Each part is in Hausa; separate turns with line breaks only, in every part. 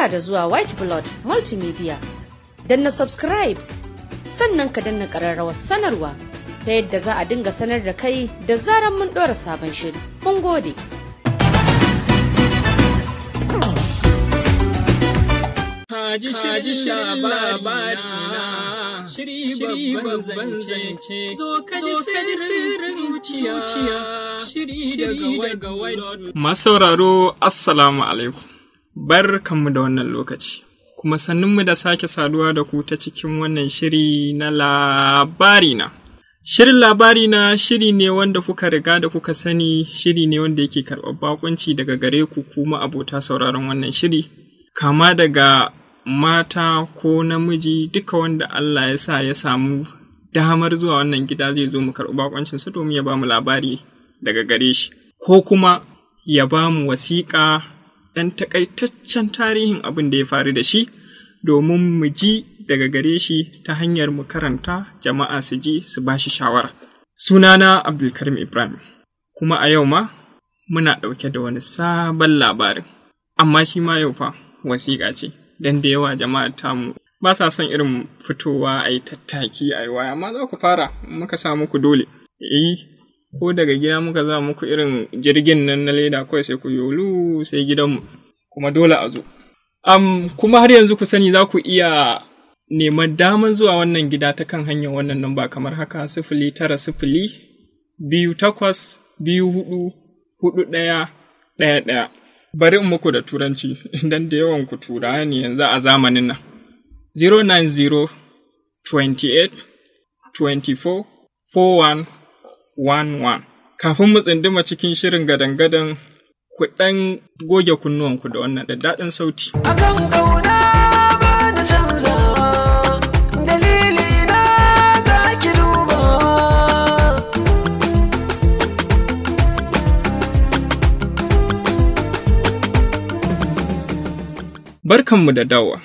barka da zuwa white blood multimedia na subscribe sannan ka danna ƙararrawar sanarwa ta yadda za a dinga sanar da kai da zaran mun ɗora sabon shiri mun gode
Kaji sha labarina, shiri babban zance, zo
kaji sirrin
zuciya, shiri daga wadda. Masu sauraro, Assalamu alaikum. Bar kanmu da wannan lokaci, kuma sanninmu da sake saduwa da ku ta cikin wannan shiri na labari na. Shirin labari na shiri ne wanda kuka riga da kuka sani shiri ne wanda yake karɓar bakunci daga gare ku kuma abota sauraron wannan shiri, kama daga mata ko namiji duka wanda Allah ya sa ya samu damar zuwa wannan gida zai zo mu karɓi bakoncinsa domin ya ba mu labari daga gare shi, ko kuma ya ba mu wasiƙa ɗan takaitaccen tarihin abin da ya faru da shi domin mu ji daga gare shi ta hanyar mu karanta jama'a su ji su ba shi shawara. Sunana Abdulkarim Ibrahim, kuma a yau ma muna ɗauke da wani sabon labarin, amma shi ma yau fa wasiƙa ce, don da yawa jama'a tamu ba sa son irin fitowa a yi tattaki a yi waya, amma za ku fara muka sa muku dole. Eh, ko daga gida muka za muku irin jirgin nan na leda kawai sai ku yolu sai gidanmu kuma dole a zo um, kuma har yanzu ku sani za ku iya neman daman zuwa wannan gida ta kan hanyar wannan nan ba kamar haka sifili tara sifili biyu takwas biyu hudu hudu ɗaya ɗaya ɗaya bari in muku da turanci idan da yawan ku tura ne yanzu a zamanin nan 090 28 24 41 1 Kafin mu tsinduma cikin shirin gadan-gadan ku ɗan goge kunnuwanku da wannan daɗin sauti. Barkan mu da Barkanmu da dawa.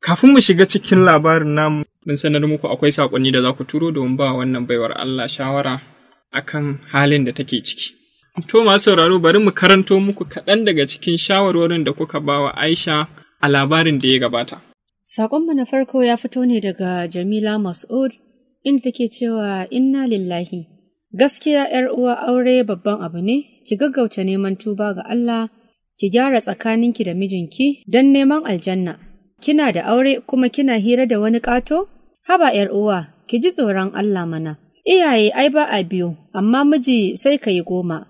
Kafin mu shiga cikin labarin namu, mun sanar muku akwai saƙonni da za ku turo domin ba wannan baiwar Allah shawara akan halin da take ciki. To masu sauraro bari mu karanto muku kaɗan daga cikin shawarwarin da kuka ba wa Aisha a labarin da ya gabata.
Saƙonmu na farko ya fito ne daga Jamila Mas'ud inda take cewa inna lillahi. Gaskiya ‘yar uwa aure babban abu ne, ki gaggauta neman tuba ga Allah, ki gyara tsakaninki da mijinki don neman aljanna. Kina da aure kuma kina hira da wani ƙato? Haba ‘yar uwa, ki ji tsoron Allah mana. Iyaye ai ba a biyu, amma miji sai ka yi goma.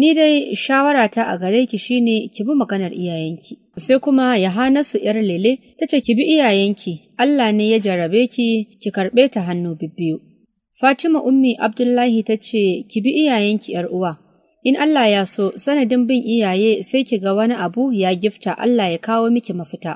Ni dai shawarata a gare ki shine ki bi maganar iyayenki. Sai kuma Yahanasu ‘yar lele ta ce ki bi iyayenki, Allah ne ya jarabe ki, ki karɓe ta hannu bibbiyu. Fatima Ummi Abdullahi ta ce ki bi iyayenki ‘yar uwa. In Allah ya so sanadin bin iyaye sai ki ga wani abu ya gifta Allah ya kawo miki mafita.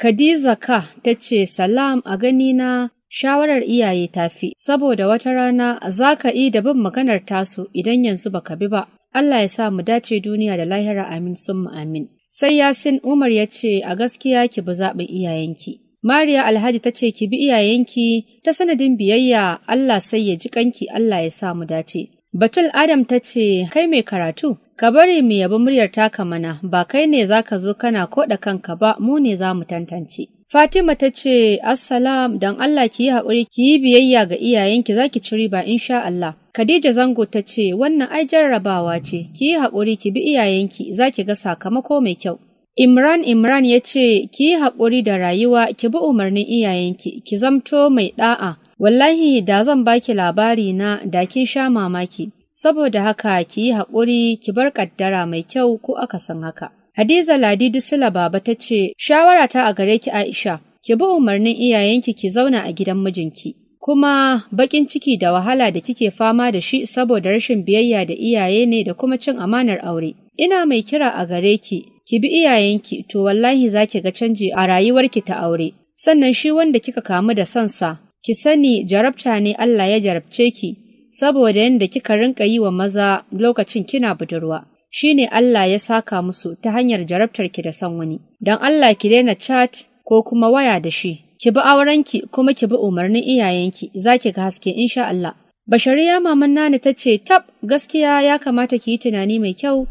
Khadiza ka ta ce salam a ganina Shawarar iyaye ta fi, saboda wata rana za ka yi da bin maganar tasu idan yanzu baka bi ba. Allah ya sa mu dace duniya da lahira amin sun amin. Sai Yasin Umar ya ce a gaskiya ki bi zaɓin iyayenki. Mariya Alhaji ta ce ki bi iyayenki ta sanadin biyayya Allah sai ya ji kanki Allah ya sa mu dace. Batul Adam ta ce kai mai karatu ka bari mu yabi muryar taka mana ba kai ne za ka zo kana ko da kanka ba mu ne za mu tantance. Fatima ta ce, Assalam, don Allah ki yi haƙuri ki yi biyayya ga iyayenki za ki ci riba insha Allah. Khadija Zango ta ce, Wannan ai jarrabawa ce, ki yi haƙuri ki bi iyayenki za ki ga sakamako mai kyau. Imran Imran ya ce, Ki yi haƙuri da rayuwa, ki bi umarnin iyayenki, ki zamto mai ɗa'a. Wallahi da zan baki labari na da kin sha mamaki, saboda haka ki yi haƙuri ki bar ƙaddara mai kyau ko aka san haka. Hadiza Ladidi sula Baba ta ce, Shawara ta a gare ki Aisha, ki bi umarnin iyayenki ki zauna a gidan mijinki. Kuma bakin ciki da wahala da kike fama da shi saboda rashin biyayya da iyaye ne da kuma cin amanar aure. Ina mai kira a gare ki, ki bi iyayenki to wallahi za ki ga canji a rayuwarki ta aure. Sannan shi wanda kika kamu da sansa, ki sani jarabta ne Allah ya jarabce ki, saboda yadda kika rinka yi wa maza lokacin kina budurwa. shi ne Allah ya saka musu ta hanyar jarabtar ki da son wani. Don Allah ki daina chat ko kuma waya da shi, ki bi aurenki kuma ki bi umarnin iyayenki za ki ga haske insha Allah. Bashariya maman nani ta ce tab gaskiya ya kamata ki yi tunani mai kyau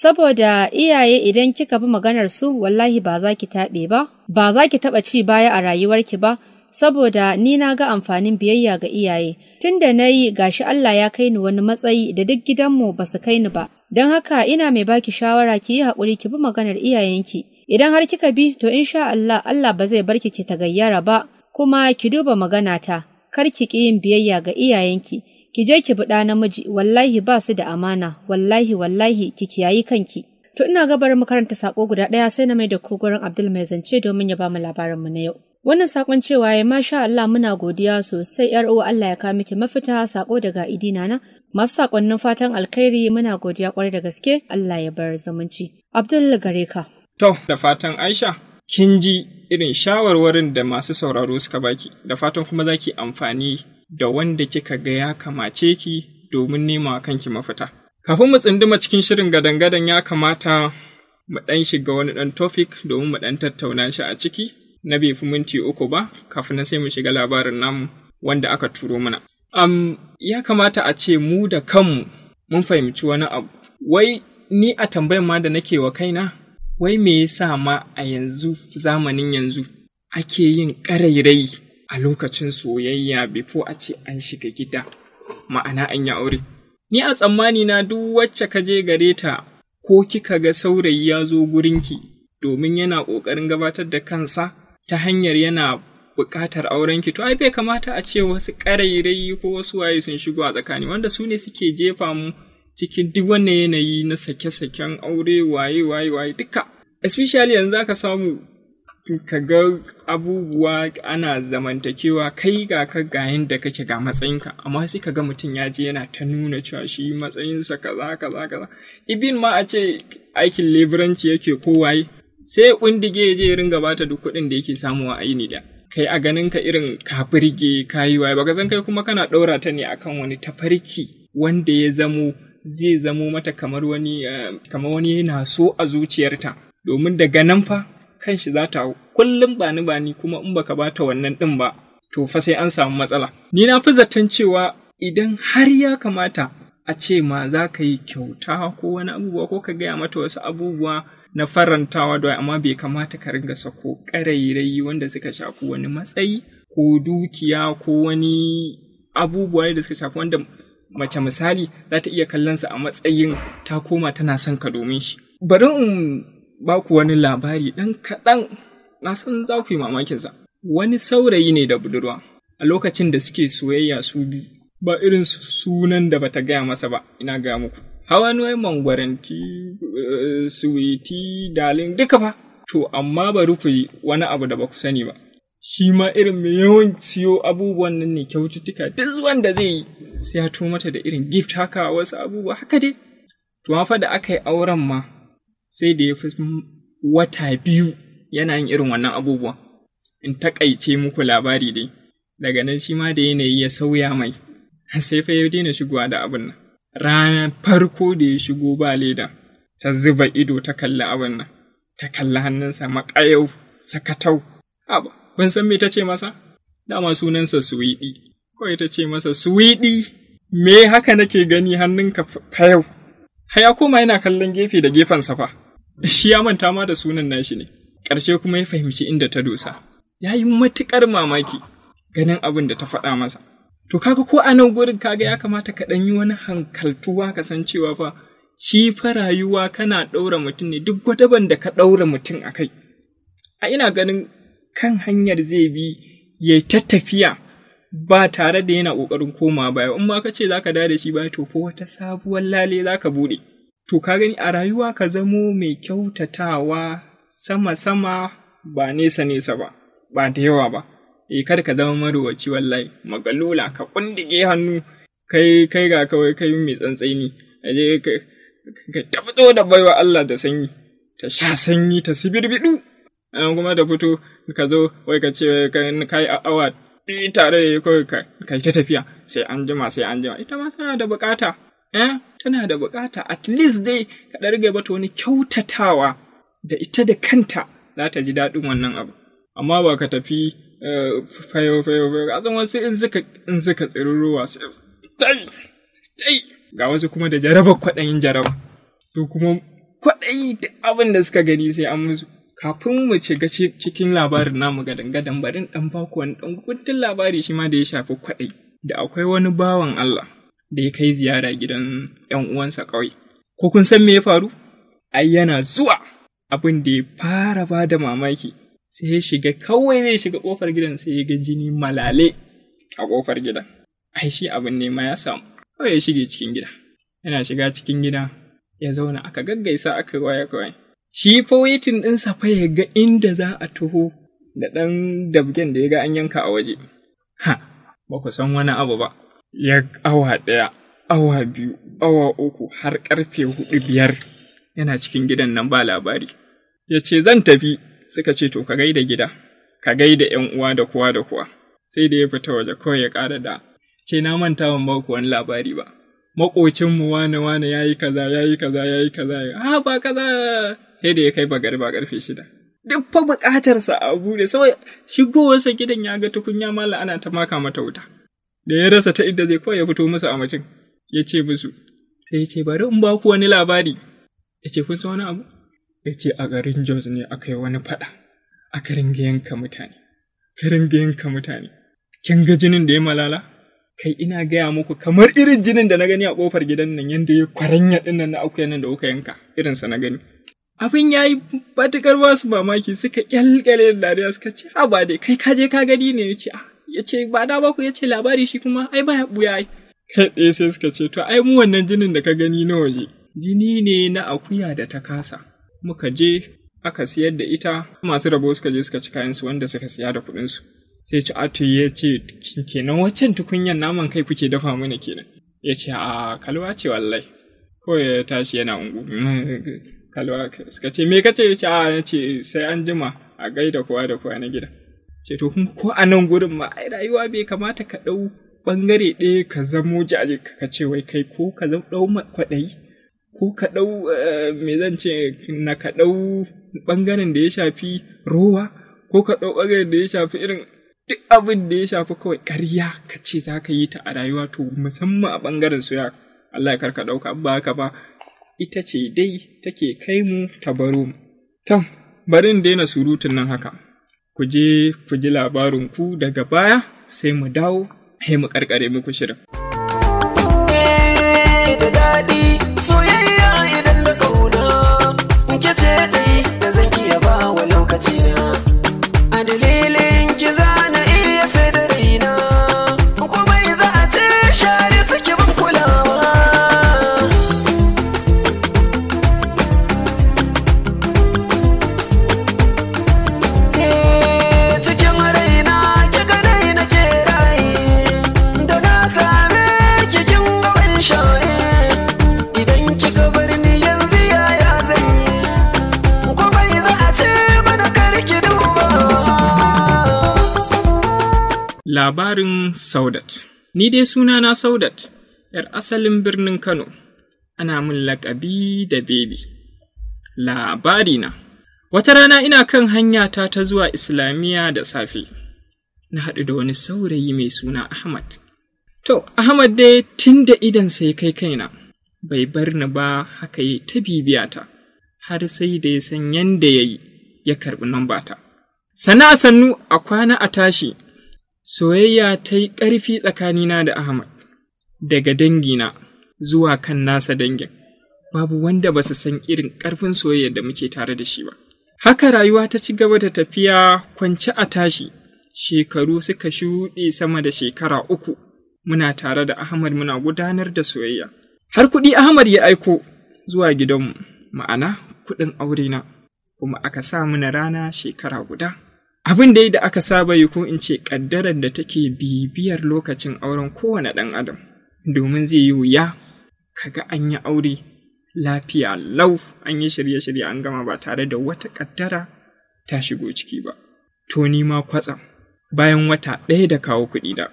saboda iyaye idan kika bi maganar su wallahi ba za ki taɓe ba, ba za ki taɓa ci baya a rayuwarki ba, saboda ni na ga amfanin biyayya ga iyaye. Tun da na yi gashi Allah ya kai ni wani matsayi da duk gidanmu ba su kai ni ba, Don haka ina mai baki shawara ki yi haƙuri ki bi maganar iyayenki. Idan har kika bi to insha Allah Allah ba zai barki ki tagayyara ba kuma ki duba magana ta kar ki ƙi yin biyayya ga iyayenki. Ki je ki bi ɗa namiji wallahi ba su da amana wallahi wallahi ki kiyayi kanki. To ina gabar makaranta sako guda ɗaya sai na mai da kogoron Abdul mai zance domin ya ba bamu mu na yau. Wannan saƙon cewa ya masha Allah muna godiya sosai ‘yar uwa Allah ya kawo miki mafita sako daga idina na Masu saƙonnin fatan alkhairi muna godiya ƙwarai da gaske Allah ya bar zumunci. Abdullahi gare ka.
To, da fatan Aisha, kin ji irin shawarwarin da masu sauraro suka baki, da fatan kuma za ki amfani da wanda kika ga ya kamace ki domin nema kanki mafita. Kafin mu tsinduma cikin shirin gadan-gadan ya kamata mu ɗan shiga wani ɗan tofik domin mu ɗan tattauna shi a ciki na bai fi minti uku ba kafin na sai mu shiga labarin namu wanda aka turo mana. um, ya kamata a ce mu da kanmu mun fahimci wani abu. Wai ni a tambayar ma da nake wa kaina, wai me yasa ma a yanzu zamanin yanzu ake yin ƙarairai a lokacin soyayya before a ce an shiga gida, ma'ana an yi aure. Ni a tsammani na duk wacce ka je gare ta ko kika ga saurayi ya zo gurinki domin yana ƙoƙarin gabatar da kansa ta hanyar yana buƙatar aurenki to ai bai kamata a ce wasu ƙarairayi ko wasu waye sun shigo a tsakani wanda su ne suke jefa mu cikin duk wannan yanayi na sake-saken aure waye waye waye duka especially yanzu aka samu ka ga abubuwa ana zamantakewa kai ga ka ga yadda kake ga matsayinka amma sai ka ga mutum ya je yana ta nuna cewa shi matsayinsa kaza kaza kaza ibin ma a ce aikin leburanci yake ko waye sai kundige ya je ringa bata duk kuɗin da yake samuwa aini da kai a ganin ka irin ka firge ka yi waye baka san kai kuma kana ɗaura ta ne akan wani tafarki wanda ya zamo zai zamo mata kamar wani eh, kamar wani yana so a zuciyarta domin daga nan fa kan shi za ta kullum ba ni ba ni kuma in baka bata wannan ɗin ba to fa sai an samu matsala ni na fi zaton cewa idan har ya kamata a ce ma za ka yi kyauta ko wani abubuwa ko ka gaya mata wasu abubuwa na farantawa da amma bai kamata ka ringa sako ƙarairayi wanda suka shafi wani matsayi ko dukiya ko wani abubuwa da suka shafi wanda mace misali za ta iya kallon sa a matsayin ta koma tana son ka domin shi bari in ba ku wani labari ɗan kaɗan na san za ku yi mamakinsa wani saurayi ne da budurwa a lokacin da suke soyayya su biyu ba irin sunan da bata gaya masa ba ina gaya muku hawanuwai mangwaranti eh, suwiti dalin duka fa to amma ba ku wani abu da ba ku sani ba shi ma irin mai yawan siyo abubuwan nan ne kyaututtuka duk wanda zai yi sai ya to mata da irin gift haka wasu abubuwa haka dai to fa da aka yi auren ma sai da ya fi wata biyu yana yin irin wannan abubuwa in takaice muku labari dai daga nan shi ma da yanayi ya sauya mai sai fa ya daina shigowa da abin nan ranar farko da ya shigo ba leda ta zuba ido ta kalli abin nan ta kalli hannunsa maƙayau sakatau abu kun san me ta ce masa dama sunansa suwidi kawai ta ce masa suwiɗi me haka nake gani hannunka fayau haya koma yana kallon gefe da gefen safa shi ya manta ma da sunan nashi ne ƙarshe kuma ya fahimci inda ta dosa ya yi matuƙar mamaki ganin abin da ta faɗa masa To kaga ko a nan gurin kaga ya kamata ka ɗan yi wani hankaltuwa ka san cewa fa shi fa rayuwa kana ɗaura mutum ne duk wata ban da ka ɗaura mutum a kai. A ina ganin kan hanyar zai bi ya ta tafiya ba tare da yana ƙoƙarin koma baya in ma ka ce za ka da shi ba, to ko wata sabuwar lale za ka buɗe. To ka gani a rayuwa ka zamo mai kyautatawa sama-sama ba nesa-nesa ba, ba da yawa ba. E kar ka zama marowaci wallahi magalula ka kundige hannu kai kai ga kawai kai mai tsantsaini aje ka tabbato da baiwa Allah da sanyi ta sha sanyi ta sibirbidu an kuma da fito ka zo wai ka ce kai a awa bi tare da kawai kai ta tafiya sai an jima sai an jima ita ma tana da bukata eh tana da bukata at least dai ka dan bata wani kyautatawa da ita da kanta za ta ji daɗin wannan abu amma ba ka tafi fayo fayo fayo wasu in suka in suka tsiruruwa sai tai tai ga wasu kuma da jarabar kwaɗayin jaraba to kuma kwaɗayi da abin da suka gani sai an musu kafin mu shiga cikin labarin namu ga dangadan barin dan baku wani dan gudun labari shi ma da ya shafi kwaɗayi da akwai wani bawan Allah da ya kai ziyara gidan ‘yan uwansa ƙauye. Ko kun san me ya faru? Ai yana zuwa abin da ya fara ba da mamaki sai ya shiga kawai zai shiga kofar gidan sai ya ga jini malale a kofar gidan ai shi abin ne ma ya samu kawai ya shige cikin gida yana shiga cikin gida ya zauna aka gaggaisa aka waya kawai shi fa waitin ɗinsa fa ya ga inda za a taho da ɗan dabgen da ya ga an yanka a waje ha ba ku san wani abu ba ya awa ɗaya awa biyu awa uku har karfe hudu biyar yana cikin gidan nan ba labari ya ce zan tafi suka ce to ka gai da gida, ka gaida ‘yan uwa da kuwa da kuwa. Sai da ya fita waje kawai ya ƙara da, ce na manta ban ba ku wani labari ba. Maƙocinmu wane wane ya yi kaza ya yi kaza ya yi kaza ya ha ba kaza. Sai da ya kai bagari ba ƙarfe shida. Duk fa buƙatarsa a bude, sai shigowarsa gidan ya ga tukunya ma ana ta maka mata wuta. Da ya rasa ta inda zai kawai ya fito musu a mutum, ya ce musu, sai ya ce bari in ba ku wani labari, ya ce kun san wani abu? ya ce a garin Jos ne aka yi wani faɗa, a ringa yanka mutane, yanka mutane. Kin ga jinin da ya malala? Kai ina gaya muku kamar irin jinin da na gani a ƙofar gidan nan yadda ya kwaranya ɗin nan na akuya nan da kuka yanka, irinsa na gani. Abin ya yi batukar ba su mamaki suka kyalkyale da dariya suka ce, ha ba dai, kai kaje ka gani ne ya ce, ah, ya ce ba da baku ya ce labari shi kuma ai ba ya buya' Kai ɗaya sai suka ce, to ai mu wannan jinin da ka gani na waje, jini ne na akuya da ta kasa. muka je aka siyar da ita masu rabo suka je suka ci kayansu wanda suka siya da kuɗinsu sai ci atu ya ce kenan waccan tukunyan naman kai kuke dafa mana kenan ya ce a kalwa ce wallai Ko ya tashi yana ungu kalwa suka ce me kace ya ce a ce sai an jima a gaida kowa da kowa na gida ce to kuma ko a nan gurin ma ai rayuwa bai kamata ka ɗau bangare ɗaya ka zamo jaje ka ce wai kai ko ka ɗau kwaɗayi ko ka ɗau eh, me zan ce na ka ɗau ɓangaren da ya shafi rowa ko ka ɗau ɓangaren da ya shafi irin duk abin da ya shafi kawai ƙarya ka ce za ka yi ta a rayuwa to musamman a ɓangaren su ya, Allah ya ka ɗauka ba ka ba ita ce dai take kai mu ta baro mu. Tom, bari in daina surutun nan haka. Ku je ku ji labarin ku daga baya sai mu dawo sai mu karkare muku shirin.
Eh, lokaci na
labarin Saudat. Ni dai suna na Saudat, ‘yar asalin birnin Kano, ana min laƙabi da bebi. na Wata rana ina kan hanya ta zuwa Islamiyya da safe, na haɗu da wani saurayi mai suna Ahmad. To, Ahmad dai tun da idan sai kai kaina, bai bar ni ba haka yi ta bibiyata, har sai da ya san yanda ya yi, ya karɓi nambata. Sana a sannu a kwana a tashi, soyayya ta yi ƙarfi tsakanina da Ahmad, daga dangina zuwa kan nasa dangin, babu wanda ba su san irin ƙarfin soyayya da muke tare da shi ba. Haka rayuwa ta ci gaba da tafiya kwance a tashi, shekaru suka shuɗe sama da shekara uku, muna tare da Ahmad muna gudanar da soyayya. Har kuɗi Ahmad ya aiko zuwa gidanmu, ma'ana kuɗin aurena, kuma aka sa mana rana shekara guda. Abin dai da aka saba yi ko in ce ƙaddarar da take bibiyar lokacin auren kowane ɗan adam, domin zai yi wuya, kaga an yi aure lafiya lau an yi shirye-shirye an gama ba tare da wata ƙaddara ta shigo ciki ba. To ni ma kwatsam, bayan wata ɗaya da kawo kuɗi da,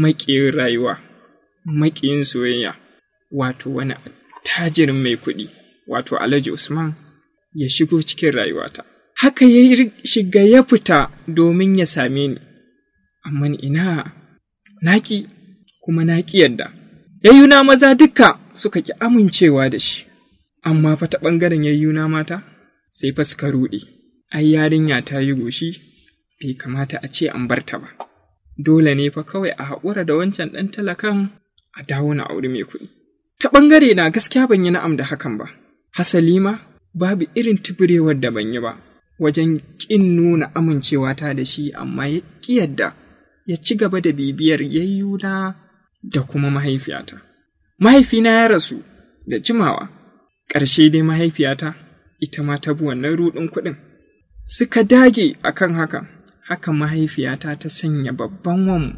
maƙiyin rayuwa, maƙiyin soyayya, wato wani tajirin mai kuɗi, wato Alhaji Usman ya shigo cikin rayuwata. haka ya shiga ya fita domin ya same ni, amma ina naki kuma naƙi yadda. Yayyuna maza duka suka ki amincewa da shi, amma fa ta ɓangaren yayyuna mata sai fa suka ruɗe, ai yarinya ta yi goshi bai kamata a ce an barta ba. Dole ne fa kawai a haƙura da wancan ɗan talakan a dawo na auri mai kuɗi. Ta ɓangare na gaskiya ban yi na'am da hakan ba, hasali ma babu irin tuburewar da ban yi ba. wajen ƙin nuna amincewa ta da shi amma ya ƙi yadda ya ci gaba da bibiyar yayyuna da kuma mahaifiyata. Mahaifina ya rasu da jimawa, ƙarshe dai mahaifiyata ita ma ta bi wannan ruɗin kuɗin. Suka dage a kan haka, haka mahaifiyata ta sanya babban wanmu,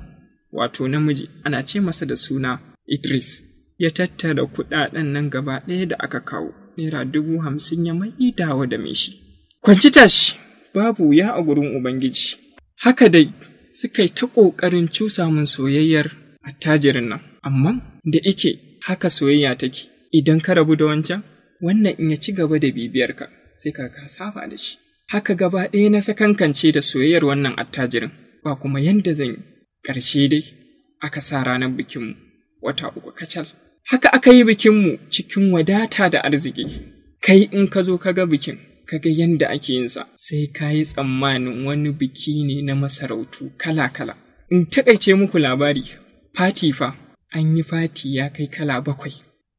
wato namiji ana ce masa da suna Idris, ya tattara kuɗaɗen nan gaba ɗaya da aka kawo, naira dubu hamsin ya mai dawo da mai shi. Kwanci tashi, babu wuya a gurin Ubangiji. Haka dai, suka yi ta ƙoƙarin cusa min soyayyar attajirin nan, amma da ike haka soyayya take, idan ka rabu da wancan, wannan in ya ci gaba da bibiyarka, sai ka ka saba da shi. Haka gaba ɗaya na sakankance da soyayyar wannan attajirin, ba kuma yanda zan yi. Ƙarshe dai, aka sa ranar bikinmu, wata uku kacal. Haka aka yi bikinmu cikin wadata da arziki, kai in ka zo ka ga bikin, kaga yanda ake yinsa sai ka yi tsammanin wani biki ne na masarautu kala-kala. In taƙaice muku labari, fati fa, an yi fati ya kai kala bakwai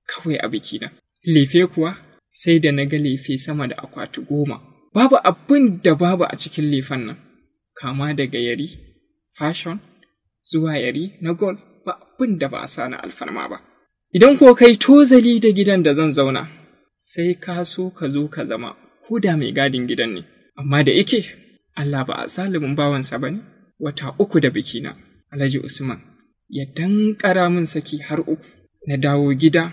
kawai a bikina. Lefe kuwa sai da na ga lefe sama da akwati goma. Babu abin da babu a cikin lefen nan, kama daga yari, fashon, zuwa yari na gol ba abin da ba a sa na alfarma ba. Idan ko kai tozali da gidan da zan zauna, sai ka so ka zo ka zama ko da mai gadin gidan ne. Amma da yake, Allah ba a salimin bawansa ba ne, wata uku da bikina, Alhaji Usman, ya dankara min saki har uku, na dawo gida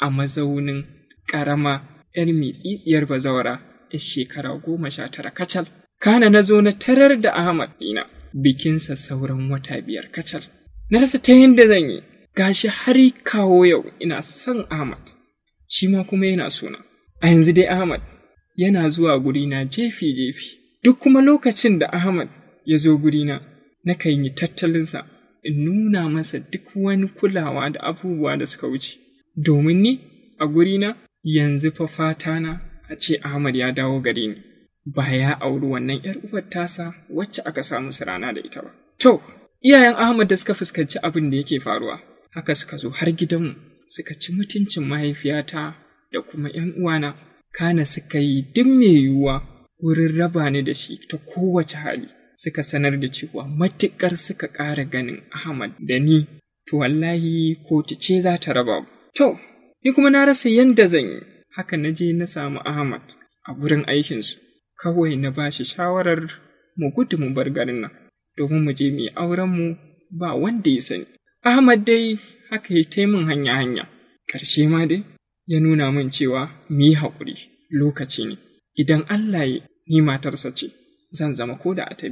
a mazaunin ƙarama ‘yar mai tsitsiyar bazawara, ya shekara goma sha tara kacal. Kana na zo na tarar da Ahmad ɗina, bikinsa sauran wata biyar kacal. Na rasa ta yadda zan yi, gashi har kawo yau ina son Ahmad, shi ma kuma yana suna. A yanzu dai Ahmad, yana zuwa gurina jefi-jefi, duk kuma lokacin da Ahmad ya zo gurina, nakan yi tattalinsa in nuna masa duk wani kulawa da abubuwa da suka wuce, domin ni a gurina yanzu fa fatana a ce Ahmad ya dawo gare ni, ba ya auri wannan ‘yar uwar tasa wacce aka samu sirana da ita ba. To, iyayen Ahmad da suka fuskanci abin da yake faruwa, haka suka zo har gidanmu suka ci mutuncin mahaifiyata da kuma ‘yan uwana. kana suka yi duk mai yiwuwa wurin raba ni da shi ta kowace hali suka sanar da cewa matuƙar suka ƙara ganin Ahmad da ni to wallahi kotu ce za ta raba to ni kuma na rasa yadda zan yi haka na je na samu Ahmad a gurin aikinsu kawai na ba shi shawarar mu gudu mu bar garin nan domin mu je mu yi aurenmu ba wanda ya sani Ahmad dai haka ya taimun hanya-hanya ƙarshe ma dai ya nuna min cewa mu yi haƙuri lokaci ne idan Allah ya ni matarsa ce zan zama ko da a ce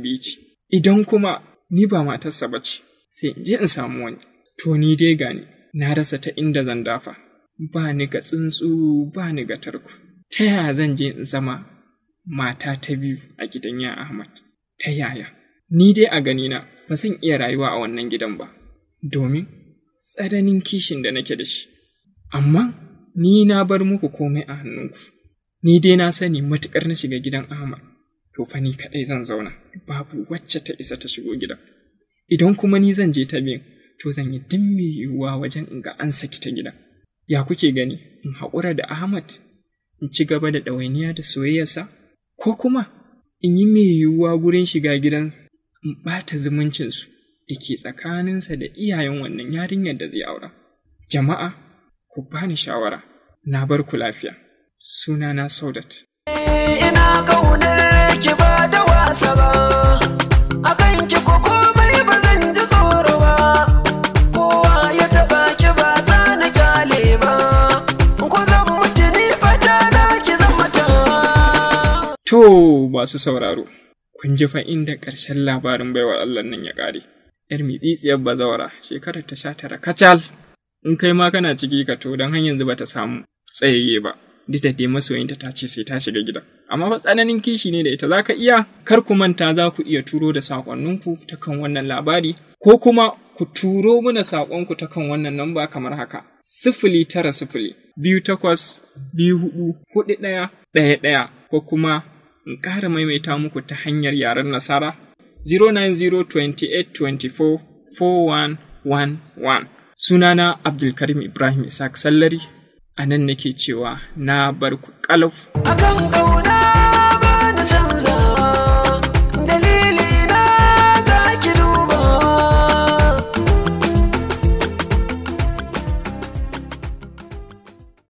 idan kuma ni ba matarsa ba ce sai in je in samu wani to ni dai gani na rasa ta inda zan dafa ba ni ga tsuntsu ba ni ga tarko ta yaya zan je in zama mata ta biyu a gidan ya Ahmad ta yaya ni dai a ganina ba zan iya rayuwa a wannan gidan ba domin tsananin kishin da nake da shi amma ni na bar muku komai a hannunku, ni dai na sani matuƙar na shiga gidan Ahmad, to fa ni kaɗai zan zauna, babu wacce ta isa ta shigo gidan. Idan kuma ni zan je ta biyan, to zan yi duk mai yiwuwa wajen in ga an saki ta gidan. Ya kuke gani, in haƙura da Ahmad, in ci gaba da ɗawainiya da soyayyarsa, ko kuma in yi mai yiwuwa gurin shiga gidan in ɓata zumuncinsu da ke tsakaninsa da iyayen wannan yarinyar da zai aura. Jama'a, ku bani shawara na bar ku lafiya na saudat
ina kaunar ki ba da wasa ba a kan ki ko komai ba zan ji tsoro ba kowa ya taba ki ba za na kyale ba ko zan mutu ni fata na ki zan mata to
masu sauraro kun ji fa da ƙarshen labarin baiwar Allah nan ya ƙare yar mitsitsiyar bazawara shekarar ta sha tara kacal in kai ma kana ciki ka to don hanyar yanzu bata samu tsayayye ba duk da dai masoyinta ta ce sai ta shiga gida amma fa tsananin kishi ne da ita za ka iya kar ku manta za ku iya turo da sakonninku ta kan wannan labari ko kuma ku turo mana sakonku ta kan wannan namba kamar haka sifili tara sifili biyu takwas biyu hudu hudu ɗaya ɗaya ɗaya ko kuma in ƙara maimaita muku ta hanyar yaren nasara 0902824 4111 Sunana Abdulkarim Ibrahim Isaac Sallari, a nan nake cewa na bar
ku